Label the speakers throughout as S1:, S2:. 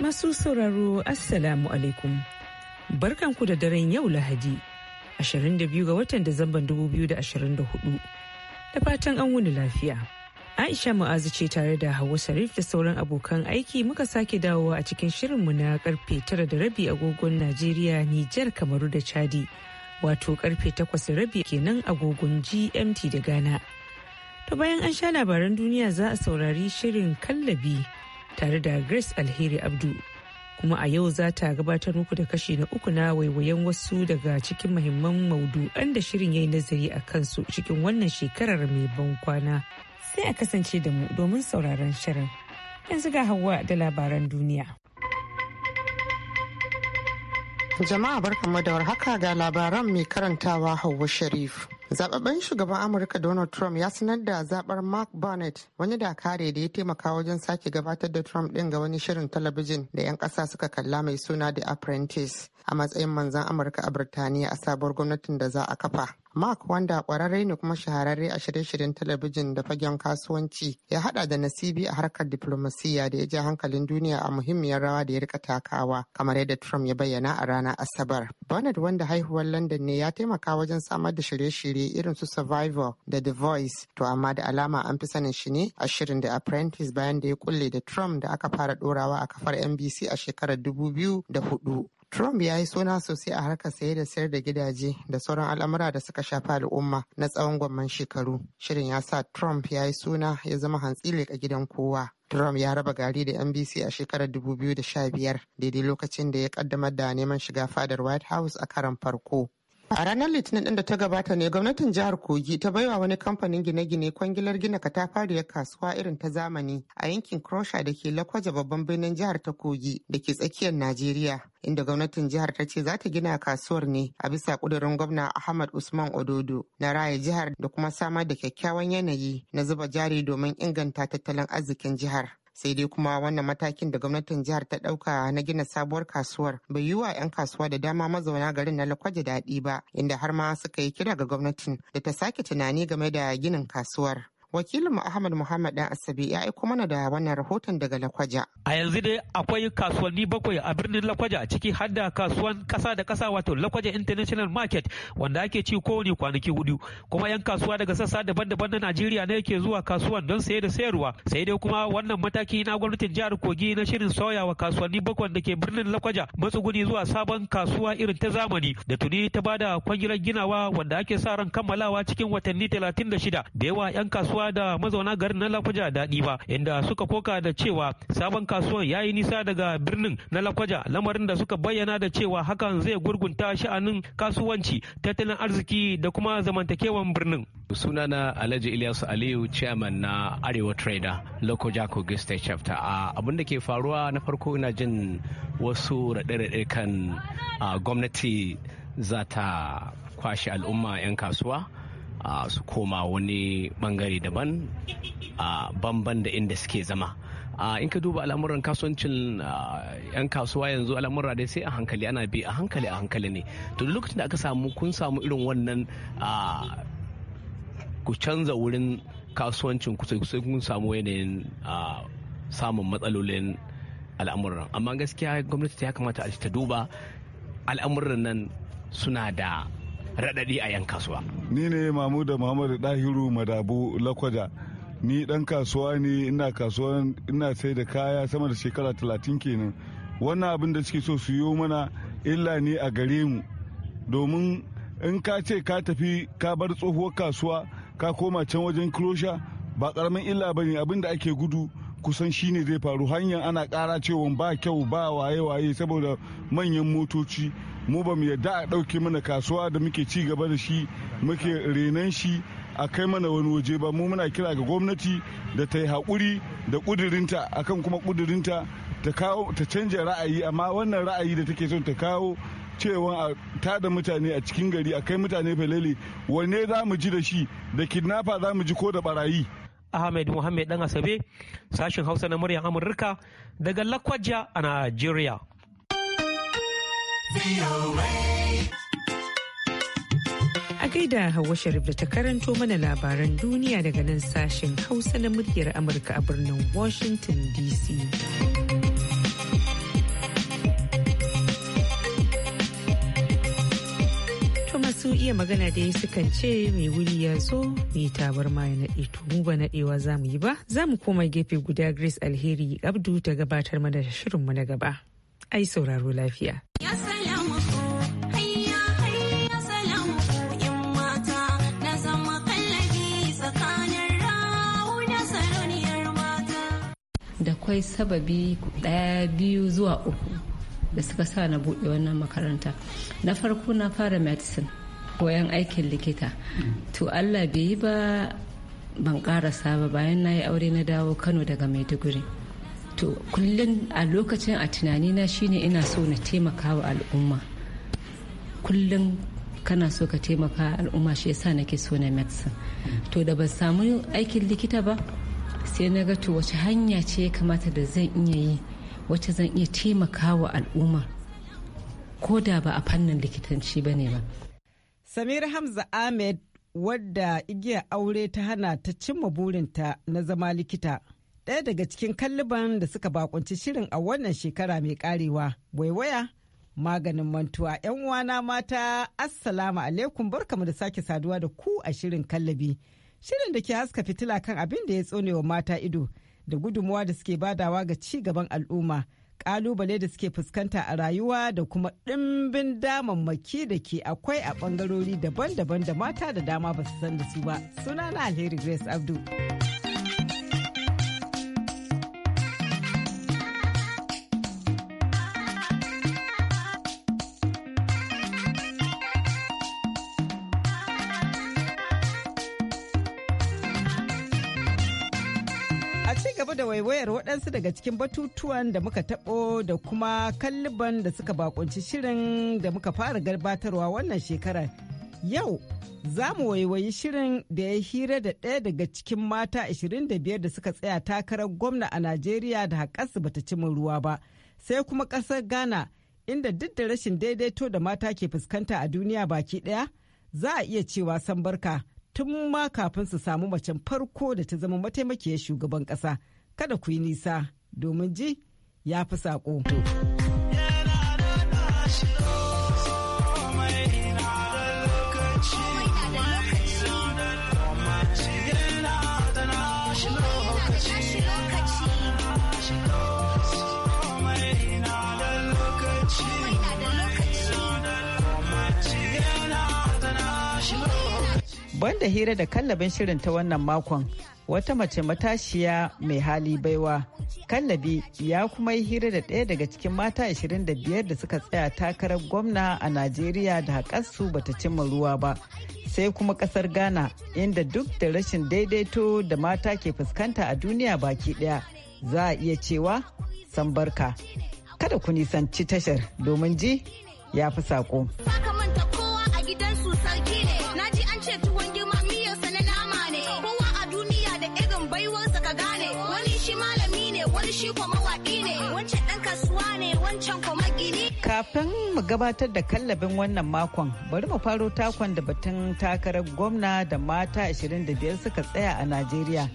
S1: Masu sauraro Assalamu alaikum. Barkanku da daren yau Lahadi, 22 ga watan Disamban 2024. Da fatan an wuni lafiya. Aisha Mu'azu ce tare da Hauwa Sharif da sauran abokan aiki muka sake dawowa a cikin shirinmu na karfe tara da rabi agogon Najeriya, Nijar, Kamaru da Chadi. Wato karfe takwas rabi kenan agogon GMT da Ghana. To bayan an sha labaran duniya za a saurari shirin kallabi. tare da Grace Alheri Abdu. Kuma a yau za ta gabatar muku da kashi na uku na waiwayen wasu daga cikin mahimman maudu'an da shirin ya yi nazari a kansu cikin wannan shekarar mai ban kwana. Sai a kasance da mu domin sauraron shirin. Yanzu ga hawa da labaran duniya.
S2: Jama'a barkamu da warhaka ga labaran mai karantawa Hauwa Sharif. Zababben shugaban Amurka Donald Trump ya sanar da zabar Mark Barnett wani dakare da ya taimaka wajen sake gabatar da Trump ɗin ga wani shirin talabijin da 'yan ƙasa suka kalla mai suna The Apprentice a matsayin manzan Amurka a Birtaniya a sabuwar gwamnatin da za a kafa. Mark wanda kwararre ne kuma shahararre a shirye-shiryen talabijin da fagen kasuwanci ya hada da nasibi a harkar diplomasiya da ya ja hankalin duniya a muhimmiyar rawa da ya rika takawa kamar yadda Trump ya bayyana a ranar Asabar. Bernard wanda haihuwar London ne ya taimaka wajen samar da shirye-shirye irin su Survivor da The Voice to amma da alama an fi sanin shi ne a shirin The Apprentice bayan da ya kulle da Trump da aka fara dorawa a kafar NBC a shekarar 2004 Trump ya yi suna sosai a harkar sayar da sayar da gidaje da sauran al'amura da suka shafi al'umma na tsawon gwamman shekaru. Shirin ya sa Trump ya yi suna ya zama hantsi leƙa gidan kowa. Trump ya raba gari da NBC a shekarar 2015 daidai lokacin da ya kaddamar da neman shiga fadar White House a karan farko. A ranar Litinin ɗin da ta gabata ne gwamnatin jihar Kogi ta bai wa wani kamfanin gine-gine kwangilar gina katafariyar kasuwa irin ta zamani a yankin Krosha da ke Lakwaja babban birnin jihar ta Kogi da ke tsakiyar Najeriya. Inda gwamnatin jihar ta ce za ta gina kasuwar ne a bisa ƙudurin gwamna Ahmad Usman Ododo na raya jihar da kuma samar da kyakkyawan yanayi na zuba jari domin inganta tattalin arzikin jihar. sai dai kuma wannan matakin da gwamnatin jihar ta ɗauka na gina sabuwar kasuwar bai yi wa 'yan kasuwa da dama mazauna garin na lakwaje daɗi ba inda har ma suka yi kira ga gwamnatin da ta sake tunani game da ginin kasuwar Wakilin ahmad muhammad dan asabi ya aiko mana da wannan rahoton daga lakwaja
S3: a yanzu dai akwai kasuwanni bakwai a birnin lakwaja ciki har da kasuwan kasa da kasa wato lakwaja international market wanda ake ci kowane kwanaki hudu kuma yan kasuwa daga sassa daban-daban na najeriya ne yake zuwa kasuwan don saye da sayarwa sai dai kuma wannan mataki na gwamnatin jihar kogi na shirin sauyawa kasuwanni bakwai da ke birnin lakwaja matsuguni zuwa sabon kasuwa irin ta zamani da tuni ta bada kwangilar ginawa wanda ake sa ran kammalawa cikin watanni 36 da yawa yan kasuwa kasuwa da mazauna garin na Lakwaja daɗi ba inda suka koka da cewa sabon kasuwan ya yi nisa daga birnin na Lakwaja lamarin da suka bayyana da cewa hakan zai gurgunta sha'anin kasuwanci tattalin arziki da kuma zamantakewan birnin.
S4: sunana alhaji ilyasu aliyu chairman na arewa trader local Kogi state chapter a abin da ke faruwa na farko ina jin wasu raɗe-raɗe kan gwamnati za ta kwashe al'umma 'yan kasuwa su koma wani bangare daban banban da inda suke zama in ka duba al'amuran kasuwancin yan kasuwa yanzu al'amura dai sai a hankali ana bi a hankali a hankali ne to lokacin da aka samu kun samu irin wannan ku canza wurin kasuwancin ku sai kun samu yanayin samun matsalolin al'amuran amma gaskiya gwamnati ya kamata a ta duba al'amuran nan suna da raɗaɗi a 'yan kasuwa.
S3: Ni ne da Muhammadu Dahiru Madabu Lakwaja. Ni dan kasuwa ne ina kasuwa ina sai da kaya sama da shekara talatin kenan. Wannan abin da suke so su yo mana illa ne a gare mu. Domin in ka ce ka tafi ka bar tsohuwar kasuwa ka koma can wajen kulosha ba karamin illa ba ne abin da ake gudu kusan shi ne zai faru hanyar ana kara cewa ba kyau ba waye-waye saboda manyan motoci mu ba mu yadda a ɗauke mana kasuwa da muke ci gaba da shi muke renan shi a kai mana wani waje ba mu muna kira ga gwamnati da ta yi haƙuri da ƙudurinta akan kuma ƙudurinta ta kawo canja ra'ayi amma wannan ra'ayi da take son ta kawo cewa a tada mutane a cikin gari a kai mutane falele wanne za mu ji da shi da kidnapper za mu ji ko da barayi Ahmed Muhammad Dan Asabe sashen Hausa na muryar Amurka daga Lakwaja a Najeriya.
S1: A gaida Hauwa Sharif da ta karanto mana labaran duniya daga nan sashen Hausa na muryar Amurka a birnin Washington DC. masu iya magana da sukan ce mai wuri ya zo mai tabarma ya naɗe to mu ba naɗewa za mu yi ba za mu koma gefe guda grace alheri abdu ta gabatar mana da shirinmu na gaba ai sauraro lafiya
S4: da kwai sababi ɗaya biyu zuwa uku da suka sa na buɗe wannan makaranta na farko na fara medicine koyan aikin likita to allah bai yi ba ban karasa ba bayan na yi aure na dawo kano daga maiduguri to kullum a lokacin a tunani na shine ina so na taimaka wa al'umma kullum kana so ka taimaka al'umma shi yasa nake so na medicine to da ban samu aikin likita ba sai na ga to wace hanya ce ya kamata da zan iya yi wacce zan iya taimaka wa al'umma ko da ba a fannin likitanci ba ne ba
S3: Samir Hamza Ahmed wadda igiya aure ta hana ta cimma burinta na zama likita. Ɗaya daga cikin kalliban da suka bakunci shirin a wannan shekara mai karewa waiwaya maganin mantuwa 'yan uwana mata assalamu alaikum barkamu da sake saduwa da ku a shirin kallabi shirin da ke haska fitila kan abin da ya tsonewa mata ido da gudunmuwa da suke badawa ga ci gaban al'umma kalubale da suke fuskanta a rayuwa da kuma ɗimbin damammaki da ke akwai a ɓangarori daban-daban da mata da dama ba su san da su ba na alheri grace Abdul. waiwayar waɗansu daga cikin batutuwan da muka taɓo da kuma kalliban da suka bakunci shirin da muka fara gabatarwa wannan shekarar. Yau za mu waiwayi shirin da ya hira da ɗaya daga cikin mata 25 da suka tsaya takarar gwamna a Najeriya da haƙarsu bata ci min ruwa ba. Sai kuma ƙasar Ghana inda duk da rashin daidaito da mata ke fuskanta a duniya baki ɗaya za a iya cewa san barka tun ma kafin su samu macen farko da ta zama mataimakiyar shugaban ƙasa. kada ku yi nisa domin ji ya fi saƙo. Banda hira da kallabin shirin ta wannan makon wata mace matashiya mai hali baiwa kallabi ya kuma yi hira da ɗaya daga cikin mata 25 da suka tsaya takarar gwamna a najeriya da haƙarsu bata cimma ruwa ba sai kuma ƙasar ghana inda duk da rashin daidaito da mata ke fuskanta a duniya baki ɗaya za a iya cewa san barka kada ku nisanci tashar domin ji ya fi saƙo. sarki ne. Kafin mu gabatar da kallabin wannan makon, bari mu faro takon da batun takarar gwamna da mata 25 suka tsaya a Najeriya.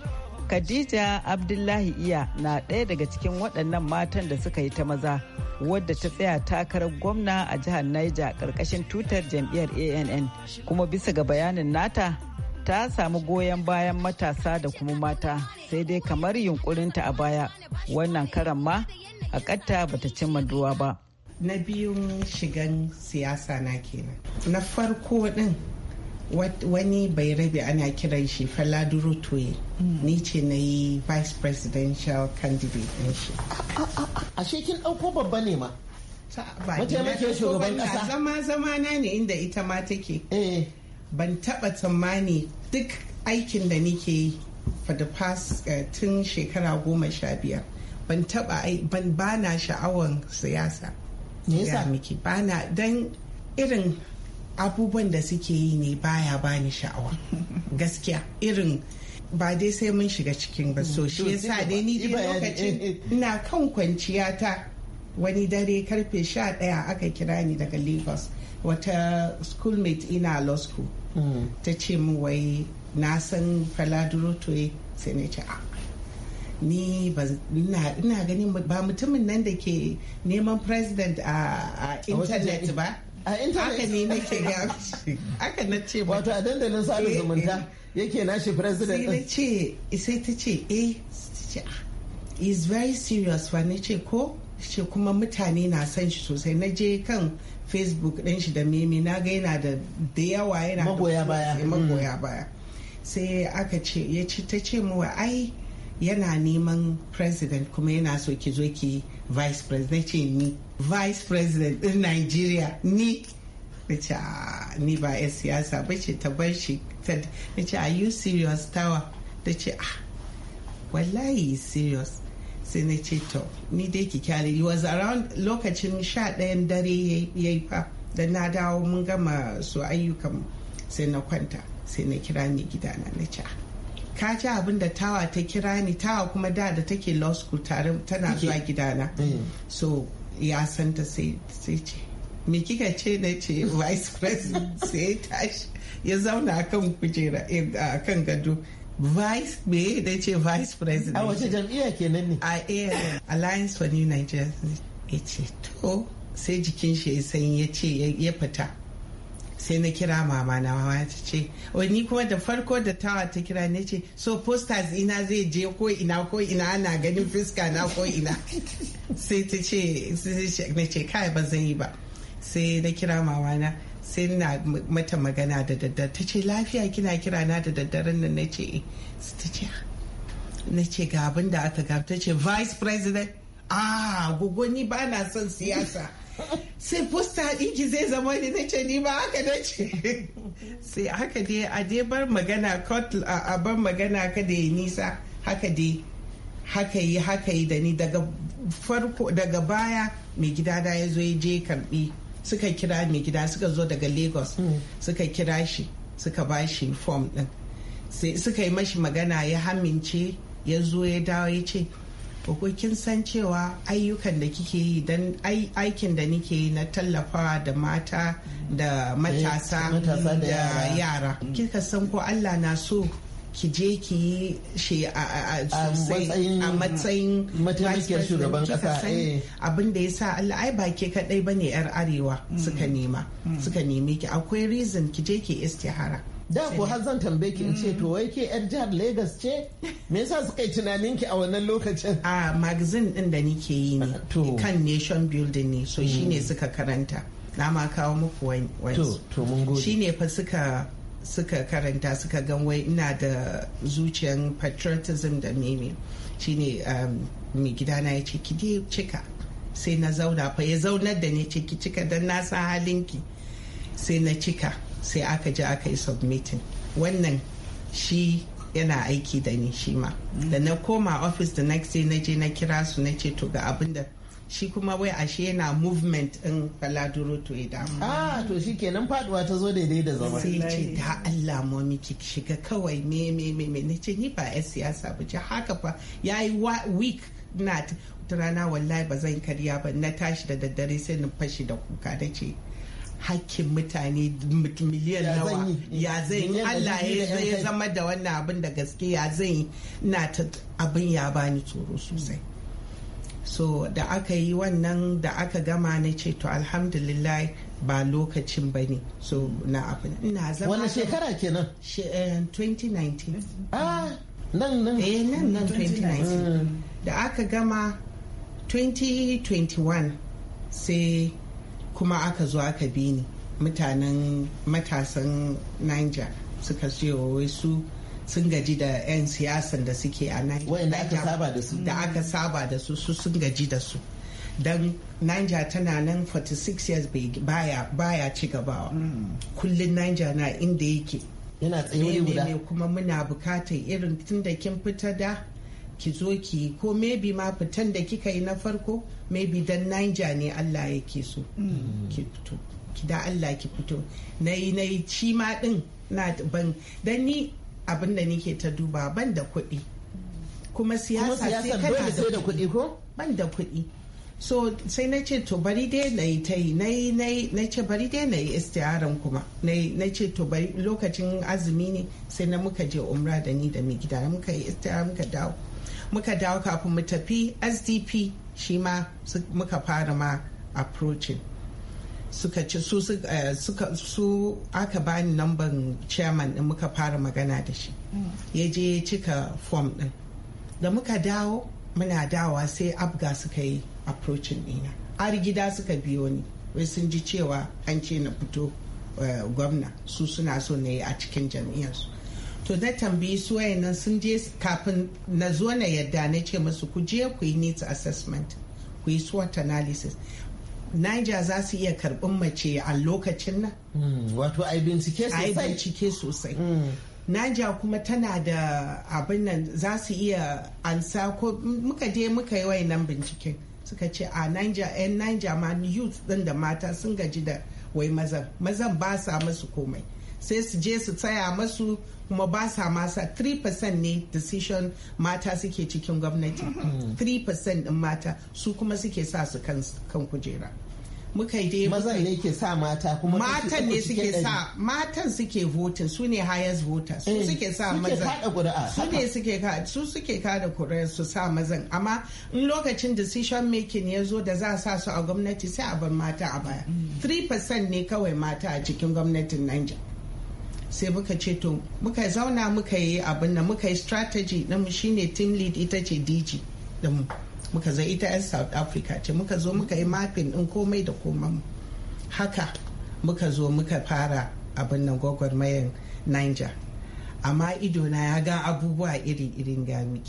S3: Khadija Abdullahi Iya na ɗaya daga cikin waɗannan matan da suka yi ta maza, wadda ta tsaya takarar gwamna a jihar Niger ƙarƙashin tutar jam'iyyar ANN. Kuma bisa ga bayanin nata, ta samu goyon bayan matasa da kuma mata, sai dai kamar yunkurinta a baya, wannan karan ma, a ƙatta bata cimma duwa ba.
S5: na biyun shigan siyasa na kenan na farko din wani bai rabe ana kiran shi faladuro toye ni ce na yi vice presidential candidate shi a kin ɗauko babba ne ma zama zama na ne inda ita ma take eh. ban taɓa tsammani duk aikin da nike yi for the past eh, tun shekara goma sha biyar ban taɓa ban bana sha'awan siyasa me ya miki bana don irin abubuwan da suke yi ne baya bani sha'awa gaskiya irin ba dai sai mun shiga cikin ba so shi ya sa dai ni dai lokacin ina kan kwanciya ta wani dare karfe sha daya aka kira ni daga lagos wata schoolmate ina law school mm. ta ce min wai na san faladuro toye sai na ce a ah, ni ba ina ganin ba mutumin nan da ke neman president a internet ba a internet Aka ne na ce ba. wato a dandalin sada eh, zumunta eh. yake nashi president sai ce sai ta ce eh is ah, very serious wa na ce ko ce kuma mutane na san shi sosai na je kan facebook ɗin shi da meme na ga yana da da yawa yana magoya baya magoya baya sai aka ce ya ce ta ce mu ai yana neman president kuma yana so ki zo ki vice president ce ni vice president din nigeria ni ce ah, ni ba 'yan siyasa ba ce ta bar shi ce are you serious tawa ta ce ah wallahi serious sai na ce to ni dai ki kyale yi was around lokacin sha ɗayan dare ya yi fa da na dawo mun gama su ayyukan sai na kwanta sai na kira ni gidana na ce ah, ka ji abin da tawa ta kira ni tawa kuma da da take law school tare tana zuwa gidana eh. so ya san ta sai ce me kika ce na ce vice president sai tashi ya zauna akan kujera eh, kan gado vice me da ce vice president a wace jam'iyya kenan ne a air eh, alliance for new nigeria ya ce to sai jikin shi ya sanyi ya ce ya fita sai na kira mama na mama ta ce wani kuma da farko da tawa ta kira ne ce so posters ina zai je ko ina ko ina ana ganin fuska na ko ina sai ta ce na ce kai ba zan yi ba sai na kira mama na sai na mata magana da daddare ta ce lafiya kina kira na da daddaren nan na ce eh. ta ce na ce ga abin da aka gaba ta ce vice president ah gogoni ni ba na son siyasa sai fusta ɗinki zai zama ne na ce ni ba haka na ce sai haka dai a dai bar magana a bar magana kada ya nisa haka dai haka yi haka yi da ni daga farko daga baya mai gida da ya zo ya je karbi suka kira mai gida suka zo daga lagos hmm. suka kira shi suka ba shi form din sai suka yi mashi magana ya hamince ya zo ya dawo ya ce ko kin san cewa ayyukan da kike yi don aikin da nike yi na tallafawa da mata da matasa eh, da yara mm. kika san ko allah na so ki je ki yi shi a matsayin mataimakiyar shugaban kasa eh. abin da ya sa Allah ai ba ke kadai ne yar arewa mm. suka nema mm. suka nemi ki akwai reason ki je ki istihara da ko har zan tambaye ki in ce to wai ke yar jihar Lagos ce me yasa suka yi tunanin ki a wannan lokacin a magazine din da nike yi ne kan nation building ne so shine hmm. suka karanta na ma kawo muku wani to to mun gode shine fa suka suka karanta suka gan wai ina da zuciyan patriotism da ne shine um, mai na ya ce ki dai cika sai na zauna fa ya zaunar da ni ciki cika don na san halinki sai na cika sai aka je aka yi submitin wannan shi yana aiki da ni shi ma da na koma office the next day na je na kira su na ce to ga abin da shi kuma wai ashe yana movement in baladuro to damu ah to shi kenan faduwa ta zo daidai da zama sai ce ta Allah mu miki shiga kawai me me me me ce ni ba yan siyasa ba ce haka fa yayi week na rana wallahi ba zan karya ba na tashi da daddare sai na fashi da kuka da ce hakkin mutane miliyan nawa ya zai Allah ya zama da wannan abin da gaske ya zai na ta abin ya bani tsoro sosai so da aka yi wannan da aka gama na ce to alhamdulillah ba lokacin ba ne so na abin ina zama wani shekara kenan 2019 eh, ah nan nan eh nan nan 2019 mm. da aka gama 2021 sai kuma aka zo aka bi ni mutanen matasan niger suka siyo wai su sun gaji da 'yan siyasan da suke a niger da aka saba da su su sun gaji da su don niger tana nan 46 years baya, baya ci gabawa mm. kullum niger na inda yake yana tsaye guda kuma muna bukatar irin tun da kin fita da ki zo ki ko maybe ma fitan da kika yi na farko maybe dan Niger ne Allah yake so mm. ki fito ki da Allah ki fito na yi na yi shi ma din na ban dan ni abin da nike ta duba ban da kuɗi kuma siyasa sai kana da kuɗi ko ban da kuɗi so sai na ce to bari dai na yi ta yi na ce bari dai na yi istiharan kuma na ce to bari lokacin azumi ne sai na muka je umra da ni da mai gida muka yi istiyara muka dawo muka dawo kafin mu tafi sdp shi ma muka fara ma approaching suka ci su eh, aka bani namban chairman din muka fara magana da shi mm. ya je ya cika form din da muka dawo muna dawa sai abga suka yi approaching dina har gida suka biyo ni wai sun ji cewa an ce na fito eh, gwamna su suna so na yi a cikin jam'iyyarsu to na tambayi su wayannan sun je kafin na zo na yadda na ce musu ku je ku yi needs assessment ku yi SWOT analysis Niger za su iya karɓin mace a lokacin nan hmm, wato ai bincike sosai ai bincike sosai hmm. kuma tana da abin nan za su iya ansa ko muka je muka yi wayannan binciken suka ce a Niger yan Niger ma youth din da mata sun gaji da wai mazan mazan ba sa musu komai sai su je su tsaya masu kuma ba sa masa 3% ne decision mata suke cikin gwamnati 3% mm-hmm. din mata su kuma suke sa su kan kujera muka yi dai mazan ne ke sa mata kuma matan ne suke sa matan suke votin su ne highest voters su eh, suke sa mazan su ne suke ka su suke da kuri'a su sa mazan amma in lokacin decision making ya zo da za a sa su a gwamnati sai a bar mata a baya 3% mm. ne kawai mata a cikin gwamnatin Niger sai muka ce to muka zauna muka yi abin da muka yi strategy mu shine team lead ita ce dg mu muka zai ita 'yan south africa ce muka zo muka yi mapping din komai da komai haka muka zo muka fara abin nan gwagwarmayan niger amma idona ya ga abubuwa iri-irin gami.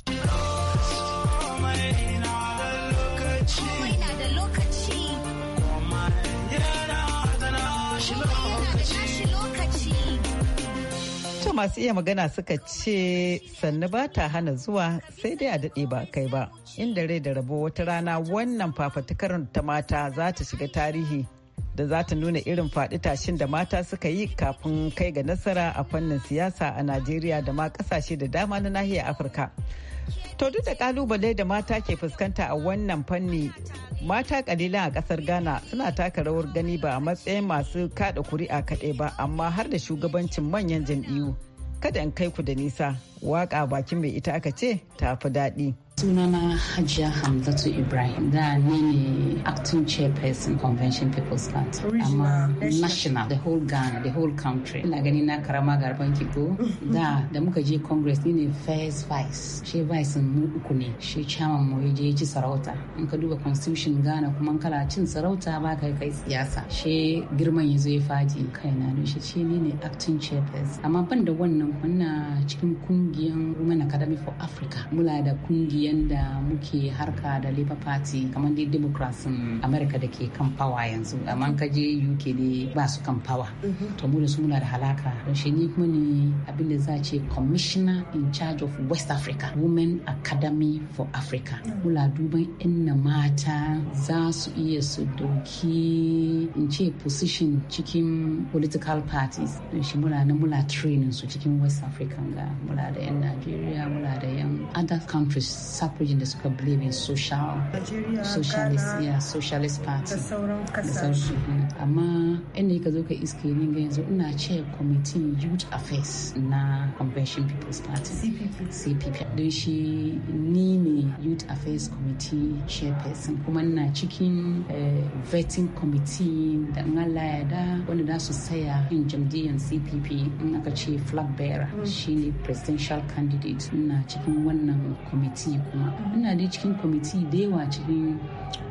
S3: haka masu iya magana suka ce sannu ba ta hana zuwa sai dai a daɗe ba kai ba inda rai da rabo wata rana wannan fafatukar ta mata za ta shiga tarihi da za ta nuna irin faɗi tashin da mata suka yi kafin kai ga nasara a fannin siyasa a najeriya da ma ƙasashe da dama na nahiyar afirka To duk da kalubale da mata ke fuskanta a wannan fanni mata kalila a kasar Ghana suna taka rawar gani ba a matsayin masu kada kuri'a kaɗai ba amma har da shugabancin manyan jam'iyyu. Kada in kai ku da nisa, waka bakin mai ita aka ce ta fi daɗi.
S6: sunana hajiya hamzatu ibrahim da ni ne acting chairperson convention people's plant amma national the whole ghana the whole country ina gani na karama garban kiko da da muka je congress ni ne first vice she vice mu uku ne she chairman mu je ci sarauta in ka duba constitution ghana kuma kala cin sarauta ba kai kai siyasa she girman yazo ya faji kai na ne she ni ne acting chairperson amma ban da wannan na cikin kungiyan women academy for africa mula da kungiyan. yadda muke harka da labour party kamar dai democrats america da ke kan fawa yanzu amma ka je uk ne ba su kan fawa mhm. to mu da su muna da halaka don shi ni kuma ne abin da za ce commissioner in charge of west africa women academy for africa mm. mula duban inna mata za su iya su dauki in ce position cikin political parties don shi muna na mula training su cikin west african ga mula da yan nigeria mula da yan other countries suffragin da suka believe in social socialist yeah, socialist party da sauran kasashe amma inda ka zo ka iske ne ga yanzu ina ce committee youth affairs na convention people's party cpp don shi ni ne youth affairs committee chairperson kuma na cikin eh, vetting committee da in Allah ya da wanda za su saya yin jam'iyyar CPP in aka ce flag bearer mm. shine presidential candidate ina cikin wannan kwamiti kuma mm. ina dai cikin kwamiti da yawa cikin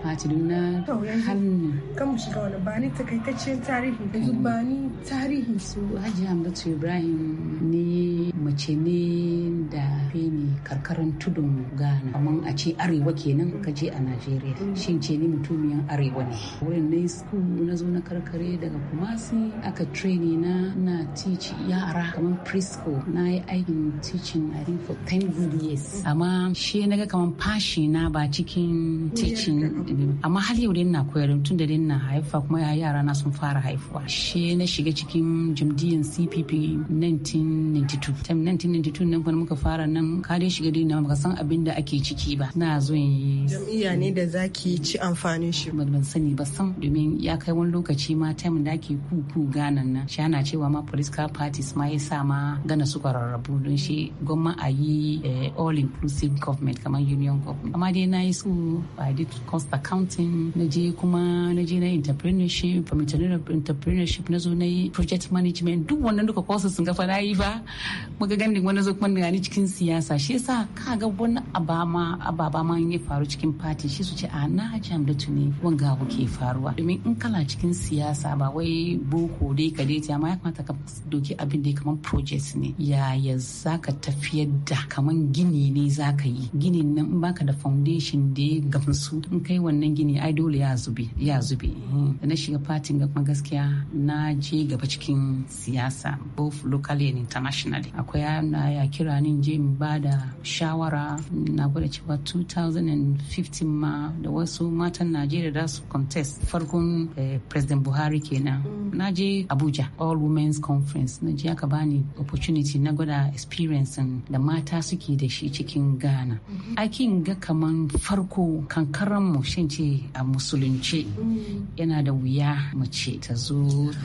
S6: fati don na hannu kan mu shiga wani bani takaitaccen tarihi yanzu bani tarihi su haji Hamdatu Ibrahim ne mace ne da ne karkarar tudun Ghana kamar a ce arewa kenan ka je a Najeriya mm. shin ce ni mutumiyan arewa ne wurin na school Kamaru na zo na karkare daga Kumasi aka traini na na tici yara kamar prisco na yi aikin teaching I think for 10 good years amma shi na ga kamar fashi na ba cikin teaching amma har yau dai na koyar tun da dai na haifa kuma yara na sun fara haifuwa shi na shiga cikin jamdiyan CPP 1992 1992 nan kuma muka fara nan ka dai shiga dai na baka san abin da ake ciki ba na zo yi jam'iyya ne da zaki ci amfanin shi ban sani ba sam domin ya kai sai wani lokaci ma time da ake kuku ganan nan shi ana cewa ma political parties ma ya sa ma gana suka rarrabu don shi gwamma a yi eh, all inclusive government kamar union government amma dai na yi su i did cost accounting na je kuma na je na entrepreneurship entrepreneurship na zo na yi project management duk wannan duka courses sun gafa na yi ba muka gandun wani zo kuma ni cikin siyasa shi yasa ka ga wani abama ababa ma ya faru cikin party shi su ce a ah, na jam da tuni wanga ke faruwa domin in ka ana cikin siyasa ba wai boko dai ka dai amma ya kamata ka doki abin da kamar project ne ya yaya zaka tafiyar da kamar gini ne zaka yi ginin nan in baka da foundation da ya gamsu in kai wannan gini ai dole ya zube ya da na shiga fatin ga kuma gaskiya na je gaba cikin siyasa both locally and internationally akwai ana ya kira ni je mu ba da shawara na gwada cewa 2015 ma da wasu matan Najeriya da su contest farkon Eh, president buhari kenan mm. na je abuja all women's conference na je aka bani opportunity na gwada experience da mata suke da shi cikin ghana mm-hmm. akin ga kaman farko kankaran mu shin a musulunci. Mm. yana da wuya mace ta zo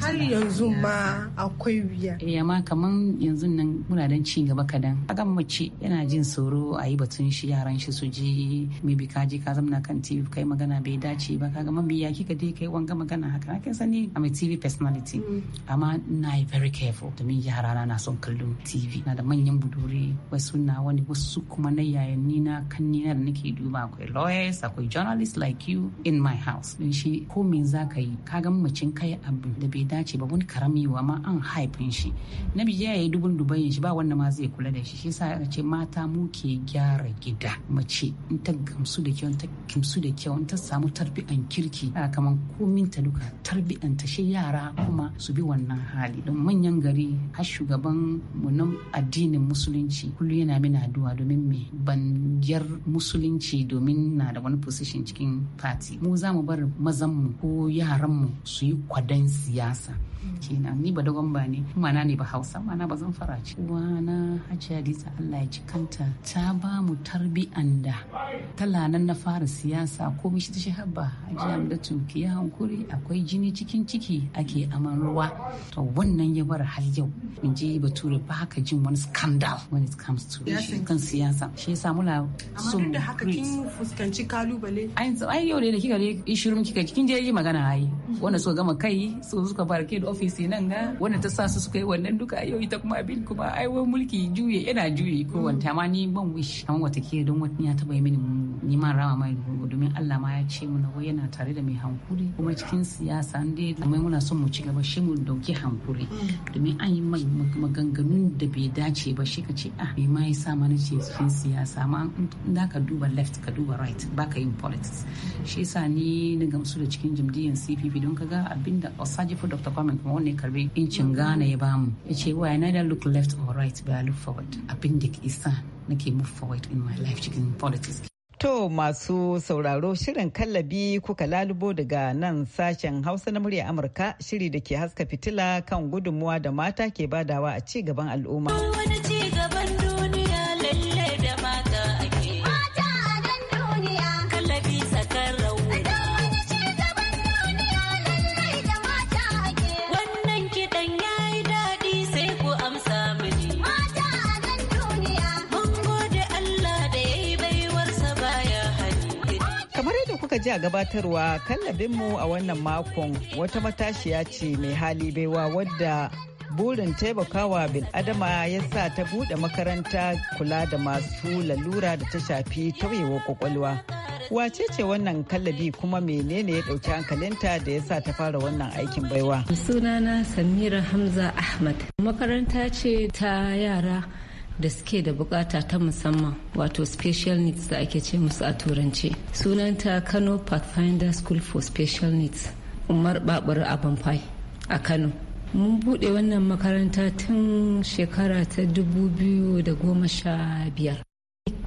S6: har yanzu ma akwai wuya eh amma kaman yanzu nan muna dan ci gaba kadan aga mace yana jin tsoro a yi batun shi yaran shi su ji maybe ka je ka zamna kan tv kai magana bai dace ba kaga mabiya kika dai kai wanga magana haka na sani a mai TV personality mm. amma na yi very careful domin yara na na son kallon TV na da manyan buduri wasu na wani wasu kuma na yayin nina na kan ni da nake duba akwai lawyers akwai journalists like you in my house din shi ko me za ka yi ka ga mamacin kai abu da bai dace ba wani karami wa ma an haifin shi na biya ya yi dubun dubayin shi ba wanda ma zai kula da shi shi sa ce mata mu ke gyara gida mace in ta gamsu da kyau ta kimsu da kyau in ta samu tarbiyan kirki kamar komin ta duka tarbiyanta shi yara kuma su bi wannan hali don manyan gari har shugaban mu na addinin musulunci kullu yana mina addu'a domin me ban musulunci domin na da wani position cikin party mu za mu bar mazanmu mu ko yaran mu su yi kwadan siyasa kenan ni ba dogon ba ne mana ne ba hausa mana ba zan fara ci na hajji Hadiza, Allah ya ci kanta ta ba mu tarbiyan da talanan na fara siyasa ko mishi ta shahaba hajiya da tunkiya hankuri akwai jini cikin ciki ake aman ruwa to wannan ya bar har yau in ji bature ba haka jin wani scandal when it comes to kan siyasa shi yasa muna so amma da haka kin fuskanci
S5: kalubale
S6: ai ai yau da kika ne shirin kika kin je yi magana ai wanda suka gama kai su suka bar da office nan ga wanda ta sa su suka yi wannan duka yau ita kuma abin kuma ai wai mulki juye yana juye ko wanta ma ni ban wish amma wata ke don wata ya taba yi mini ni ma rama mai domin Allah ma ya ce mu na yana tare da mai hankuri kuma cikin cikin siyasa ne domin muna son mu ci gaba shi mu dauki hankuri mm. domin an yi maganganun da bai dace ba shi ka ce a ah, bai ma yasa mana ce cikin siyasa amma da ka duba left ka duba right baka yin politics shi yasa ni na gamsu da cikin jam'iyyar CPP don ka ga abinda Osajifu Dr. Kwame kuma wannan karbe incin Ghana ya bamu yace why neither look left or right but I look forward abinda isa nake move forward in my life cikin politics
S3: To masu sauraro shirin kallabi kuka lalubo daga nan sashen Hausa na murya Amurka shiri da ke haska fitila kan gudunmuwa da mata ke badawa a ci gaban al'umma. muka ji a gabatarwa kallabinmu a wannan makon wata matashiya ce mai hali baiwa wadda burin taimakawa biladama ya sa ta bude makaranta kula da masu lalura da ta shafi tauyewar kwakwalwa. Wace ce wannan kallabi kuma menene ya ɗauki hankalinta da ya sa ta fara wannan aikin baiwa?
S4: Sunana Samira Hamza Ahmad. Makaranta ce ta yara da suke da bukata ta musamman wato special needs da ake ce musu a turance sunanta kano pathfinder school for special needs umar babur abamfai a kano mun bude wannan makaranta tun shekara ta goma sha 2015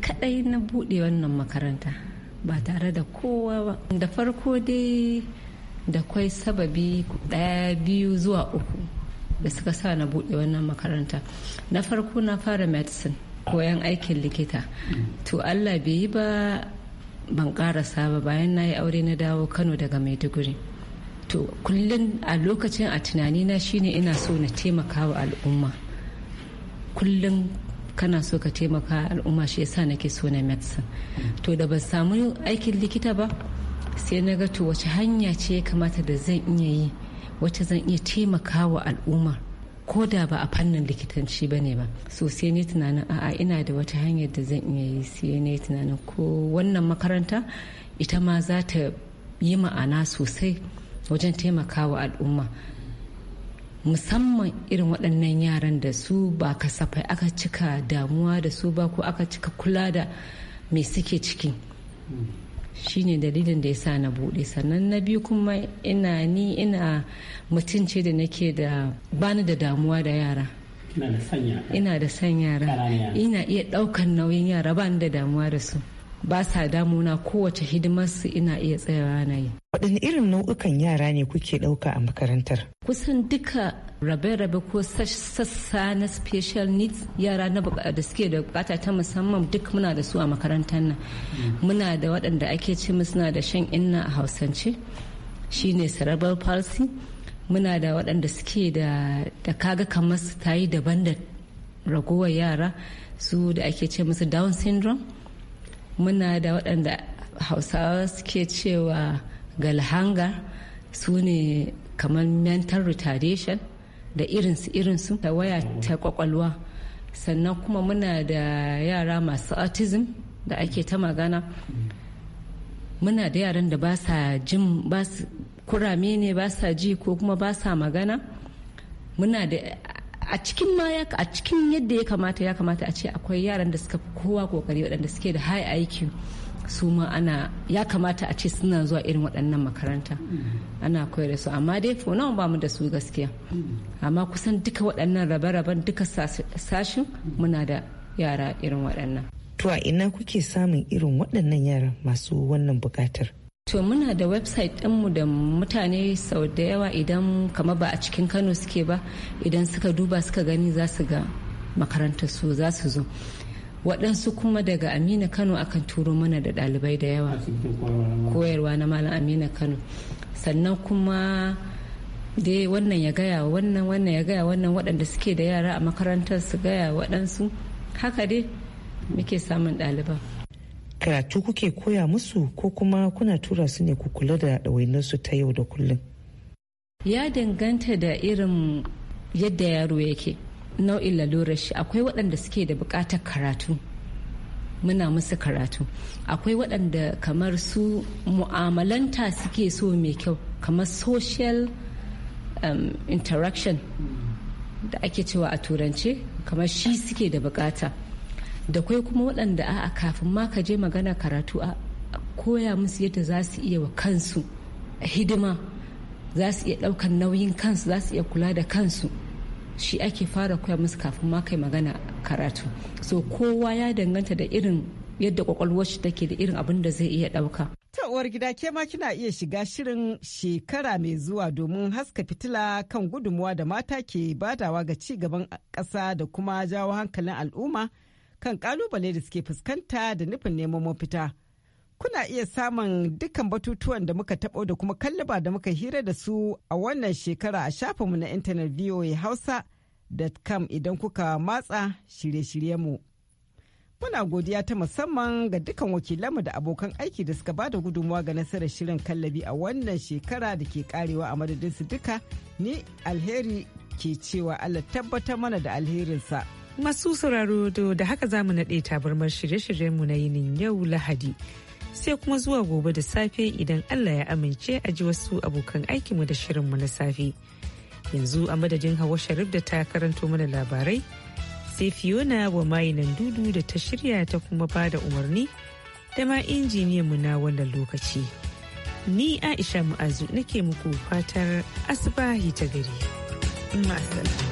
S4: kadai na buɗe wannan makaranta ba tare da kowa ba da farko dai da kwai sababi ɗaya biyu zuwa uku da suka sa na buɗe wannan makaranta na farko na fara medicine koyan aikin likita to allah bai yi ba ban karasa ba bayan na yi aure na dawo kano daga maiduguri to kullum a lokacin a tunani na shine ina so na taimaka wa al'umma kullum kana so ka taimaka al'umma shi yasa nake so na medicine to da ban samu aikin likita ba sai na ga to wace hanya ce ya kamata da zan iya yi wacce zan iya taimakawa al'umma ko da ba a fannin likitanci ba ne ba sosai sai ne tunanin a'a ina da wata hanyar da zan iya yi sai ne tunanin ko wannan makaranta ita ma za ta yi ma'ana sosai wajen taimakawa al'umma musamman irin waɗannan yaran da su ba kasafai aka cika damuwa da su ba ko aka cika kula da me suke ciki shine dalilin da ya sa na bude sannan na biyu kuma ina ni ina mutum ce da nake da bani da damuwa da yara ina da san yara ina iya ɗaukan nauyin yara bani da damuwa da su ba sa damuna kowace hidimar hidimarsu ina iya tsayawa na yi. Waɗanne irin nau'ukan yara ne kuke ɗauka a makarantar? Kusan duka rabe-rabe ko sassa na special needs yara na da suke da bukata ta musamman duk muna da su a makarantar nan. Muna da waɗanda ake ce musu na da shan inna a hausance shine cerebral palsy. Muna da waɗanda suke da kaga kamar su ta yi daban da ragowar yara su da ake ce musu down syndrome. muna da waɗanda hausawa suke cewa galhanga su ne kamar mental retardation da irinsu irinsu da waya ta kwakwalwa sannan kuma muna da yara masu autism da ake ta magana muna da yaran da ba sa jin kurame ne ba sa ji ko kuma ba sa magana muna da a cikin ma ya a cikin yadda ya kamata ya kamata a ce akwai yaran da suka fi kowa kokari waɗanda suke da high IQ su ma ana ya kamata a ce suna zuwa irin waɗannan makaranta ana koyar da su amma dai fona nawa ba mu da su gaskiya amma kusan duka waɗannan rabe-raben duka sashin muna da yara irin waɗannan
S1: to a ina kuke samun irin waɗannan yara masu wannan buƙatar
S4: To muna da website ɗinmu da mutane sau da yawa idan kama ba a cikin Kano suke ba idan suka duba suka gani za su ga makarantar su za su zo. waɗansu kuma daga amina kano akan turo mana da ɗalibai da yawa koyarwa na malam amina kano sannan kuma dai wannan ya gaya wannan wannan ya gaya wannan waɗanda suke da yara a makarantar su gaya waɗansu haka dai muke samun ɗaliban
S1: karatu kuke koya musu ko kuma kuna tura su ne ku kula da ɗawainarsu ta yau da kullum
S4: ya danganta da irin yadda yaro yake nau'in lalurar shi akwai waɗanda suke da buƙatar karatu muna musu karatu akwai waɗanda kamar su mu'amalanta suke so mai kyau kamar social um, interaction da ake cewa a turance kamar shi suke da buƙata. da kwai kuma waɗanda a kafin ma ka je magana karatu a koya musu yadda za su iya wa kansu hidima za su iya ɗaukan nauyin kansu za su iya kula da kansu shi ake fara koya musu kafin ma kai magana karatu so kowa ya danganta da irin yadda kwakwalwar shi take da irin abin da zai iya ɗauka.
S3: ta uwar gida ke ma kina iya shiga shirin shekara mai zuwa domin haska fitila kan gudunmuwa da mata ke badawa ga ci gaban ƙasa da kuma jawo hankalin al'umma kan kalubale da suke fuskanta da nufin neman mafita. Kuna iya samun dukkan batutuwan da muka taɓo da kuma kallaba da muka hira da su a wannan shekara a shafinmu na intanet Hausa.com idan kuka matsa shirye-shiryenmu. Muna godiya ta musamman ga dukkan wakilanmu da abokan aiki da suka bada gudunmawa ga nasarar shirin kallabi a wannan shekara da ke karewa a madadinsu
S1: duka ni alheri ke cewa Allah tabbatar mana da alherinsa. Masu sauraro da haka za mu naɗe tabarmar shirye-shiryenmu na yinin yau Lahadi. Sai kuma zuwa gobe da safe idan Allah ya amince a ji wasu abokan mu da shirinmu na safe. Yanzu a madadin Hawa Sharif da ta karanto mana labarai, sai Fiona wa mayinan dudu da ta shirya ta kuma ba da umarni da ma mu na wannan lokaci. Ni Aisha Mu'azu nake muku fatar asibahi ta gari. Masana.